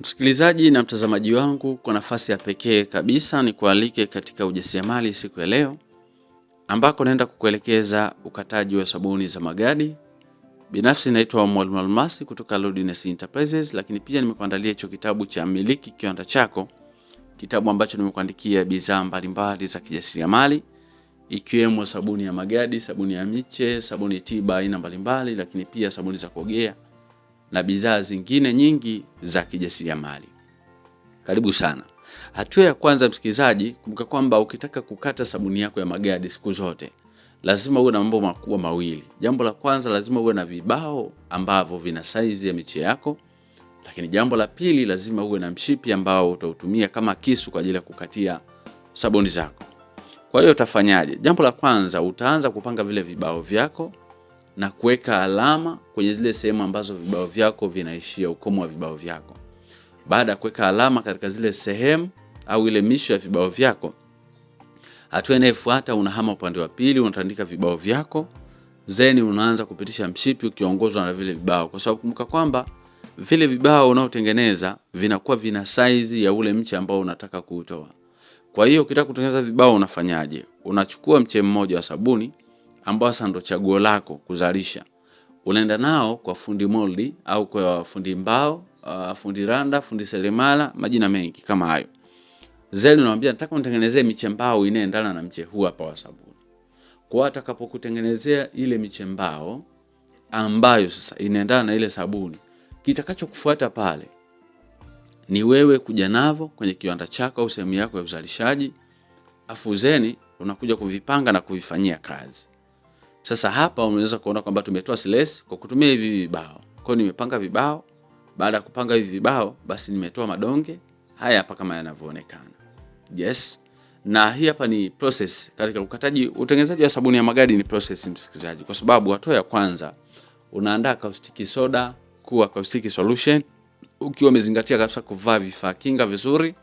Msikilizaji na mtazamaji wangu, kwa nafasi ya pekee kabisa ni kualike katika ujasiriamali siku ya leo, ambako naenda kukuelekeza ukataji wa sabuni za magadi. Binafsi naitwa Mwalimu Almasi kutoka Lodness Enterprises, lakini pia nimekuandalia hicho kitabu cha Miliki Kiwanda Chako, kitabu ambacho nimekuandikia bidhaa mbalimbali za kijasiriamali ikiwemo sabuni ya magadi, sabuni ya miche, sabuni tiba aina mbalimbali, lakini pia sabuni za kuogea na bidhaa zingine nyingi za kijasiriamali. Karibu sana. Hatua ya kwanza, msikilizaji, kumbuka kwamba ukitaka kukata sabuni yako ya magadi siku zote lazima uwe na mambo makubwa mawili. Jambo la kwanza, lazima uwe na vibao ambavyo vina saizi ya miche yako, lakini jambo la pili, lazima uwe na mshipi ambao utautumia kama kisu kwa ajili ya kukatia sabuni zako. Kwa hiyo utafanyaje? Jambo la kwanza, utaanza kupanga vile vibao vyako na kuweka alama kwenye zile sehemu ambazo vibao vyako vinaishia, ukomo wa vibao vyako. Baada ya kuweka alama katika zile sehemu au ile misho ya vibao vyako, hatua inayofuata unahama upande wa pili, unatandika vibao vyako zeni, unaanza kupitisha mshipi ukiongozwa na vile vibao, kwa sababu kumbuka kwamba vile vibao unaotengeneza vinakuwa vina saizi ya ule mche ambao unataka kuutoa. Kwa hiyo ukitaka kutengeneza vibao unafanyaje? Unachukua mche mmoja wa sabuni ambao sasa ndo chaguo lako kuzalisha, unaenda nao kwa fundi moldi au kwa fundi mbao, uh, fundi randa, fundi seremala, majina mengi kama hayo. Zeli unamwambia nataka unitengenezee miche mbao inaendana na mche huu hapa wa sabuni. Kwa atakapokutengenezea ile miche mbao ambayo sasa inaendana na ile sabuni, kitakachokufuata pale ni wewe kuja navo kwenye kiwanda chako au sehemu yako ya uzalishaji, afu zeni unakuja kuvipanga na kuvifanyia kazi. Sasa hapa unaweza kuona kwamba tumetoa slice kwa kutumia hivi vibao. Kwa hiyo nimepanga vibao, baada ya kupanga hivi vibao basi nimetoa madonge haya hapa kama yanavyoonekana. Yes. Na hii hapa ni process katika ukataji, utengenezaji wa sabuni ya magadi ni process msikilizaji, kwa sababu hatua ya kwanza unaandaa caustic soda kuwa caustic solution ukiwa umezingatia kabisa kuvaa vifaa kinga vizuri.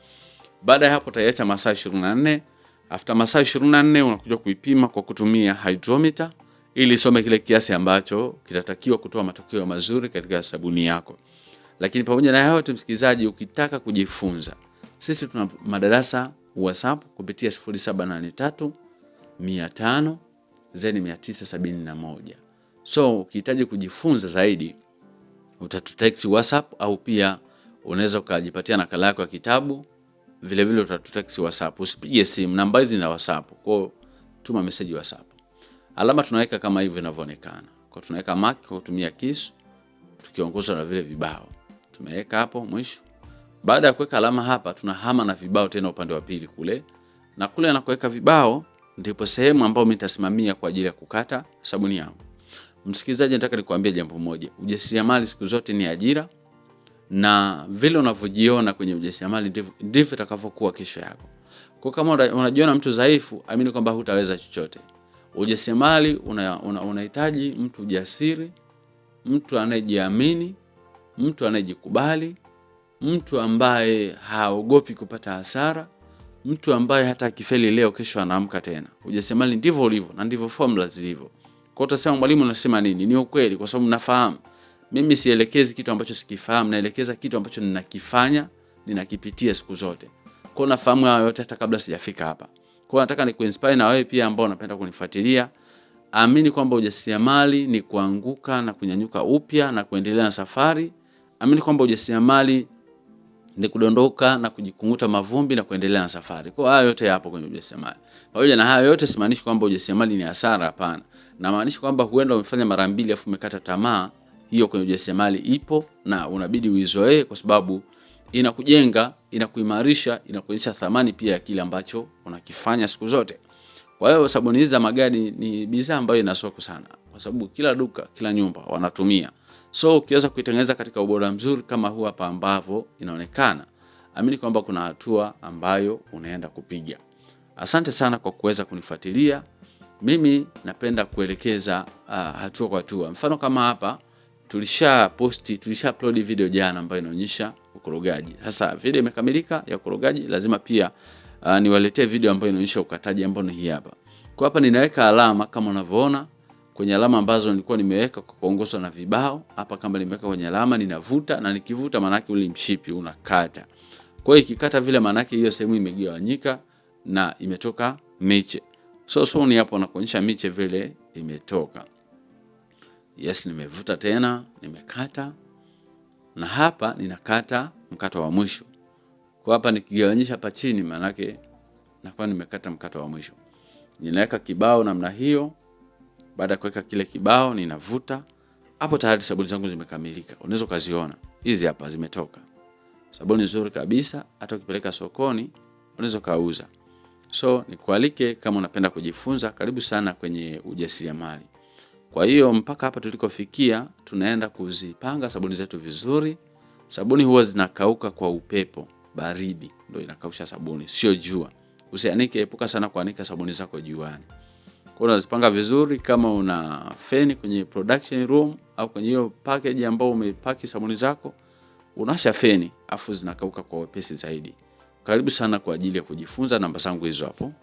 Baada ya hapo taiacha masaa 24. After masaa 24 unakuja kuipima kwa kutumia hydrometer ili some kile kiasi ambacho kitatakiwa kutoa matokeo mazuri katika sabuni yako. Lakini pamoja na hayo tu, msikilizaji, ukitaka kujifunza, sisi tuna madarasa WhatsApp kupitia 0783 500 zeni 971. So ukihitaji kujifunza zaidi utatutext WhatsApp au pia unaweza ukajipatia nakala yako ya kitabu vilevile, utatutext WhatsApp. Usipige simu, namba hizi na WhatsApp kwao, tuma meseji WhatsApp. Alama tunaweka kama hivyo inavyoonekana. Kwa tunaweka mark kwa kutumia kisu tukiongozwa na vile vibao. Tumeweka hapo mwisho. Baada ya kuweka alama hapa, tunahama na vibao tena upande wa pili kule. Na kule anakoweka vibao ndipo sehemu ambayo mimi nitasimamia kwa ajili ya kukata sabuni yangu. Msikilizaji, nataka nikuambie jambo moja. Ujasiriamali siku zote ni ajira na vile unavyojiona kwenye ujasiriamali ndivyo itakavyokuwa kesho yako. Kwa kama unajiona mtu dhaifu, amini kwamba hutaweza chochote. Ujasiriamali unahitaji una, una mtu jasiri, mtu anayejiamini, mtu anayejikubali, mtu ambaye haogopi kupata hasara, mtu ambaye hata akifeli leo, kesho anaamka tena. Ujasiriamali ndivyo ulivyo na ndivyo formula zilivyo. Kwa utasema mwalimu unasema nini? Ni ukweli, kwa sababu nafahamu mimi. Sielekezi kitu ambacho sikifahamu, naelekeza kitu ambacho ninakifanya, ninakipitia siku zote, kwa nafahamu hayo yote hata kabla sijafika hapa. Kwa hiyo nataka nikuinspire na wewe pia ambao unapenda kunifuatilia. Amini kwamba ujasiriamali ni kuanguka na kunyanyuka upya na kuendelea na safari. Amini kwamba ujasiriamali ni kudondoka na kujikunguta mavumbi na kuendelea na safari. Kwa hayo yote yapo kwenye ujasiriamali. Pamoja na hayo yote simaanishi kwamba ujasiriamali ni hasara, hapana. Namaanisha kwamba huenda umefanya mara mbili afu umekata tamaa. Hiyo kwenye ujasiriamali ipo na unabidi uizoee kwa sababu inakujenga inakuimarisha, inakuonyesha thamani pia ya kile ambacho unakifanya siku zote. Kwa hiyo sabuni hizi za magadi ni bidhaa ambayo ina soko sana, kwa sababu kila duka, kila nyumba wanatumia. So ukiweza kuitengeneza katika ubora mzuri kama huu hapa ambavyo inaonekana, amini kwamba kuna hatua ambayo unaenda kupiga. Asante sana kwa kuweza kunifuatilia. Mimi napenda kuelekeza uh, hatua kwa hatua. Mfano kama hapa tulisha posti, tulisha upload video jana ambayo inaonyesha ukorogaji. Sasa video imekamilika ya ukorogaji, lazima pia uh, niwaletee video ambayo inaonyesha ukataji ambao ni hii hapa. Kwa hapa ninaweka alama kama unavyoona kwenye alama ambazo nilikuwa nimeweka kwa kuongozwa na vibao. Hapa kama nimeweka kwenye alama ninavuta na nikivuta maana yake ule mshipi unakata. Kwa hiyo ikikata vile maana yake hiyo sehemu imegawanyika na imetoka miche. So so ni hapo nakuonyesha miche vile imetoka. Yes, nimevuta tena, nimekata na hapa ninakata mkato wa mwisho. Kwa hapa nikigawanyisha hapa chini, maanake nakuwa nimekata mkato wa mwisho. Ninaweka kibao namna hiyo. Baada ya kuweka kile kibao, ninavuta hapo, tayari sabuni zangu zimekamilika. Unaweza ukaziona hizi hapa zimetoka, sabuni nzuri kabisa. Hata ukipeleka sokoni unaweza ukauza. So nikualike, kama unapenda kujifunza, karibu sana kwenye ujasiriamali. Kwa hiyo mpaka hapa tulikofikia, tunaenda kuzipanga sabuni zetu vizuri. Sabuni huwa zinakauka kwa upepo, baridi ndio inakausha sabuni, sio jua. Usianike, epuka sana kuanika sabuni zako juani. Kwa unazipanga vizuri, kama una feni kwenye production room au kwenye hiyo package ambayo umepaki sabuni zako, unasha feni afu zinakauka kwa wepesi zaidi. Karibu sana kwa ajili ya kujifunza. Namba zangu hizo hapo.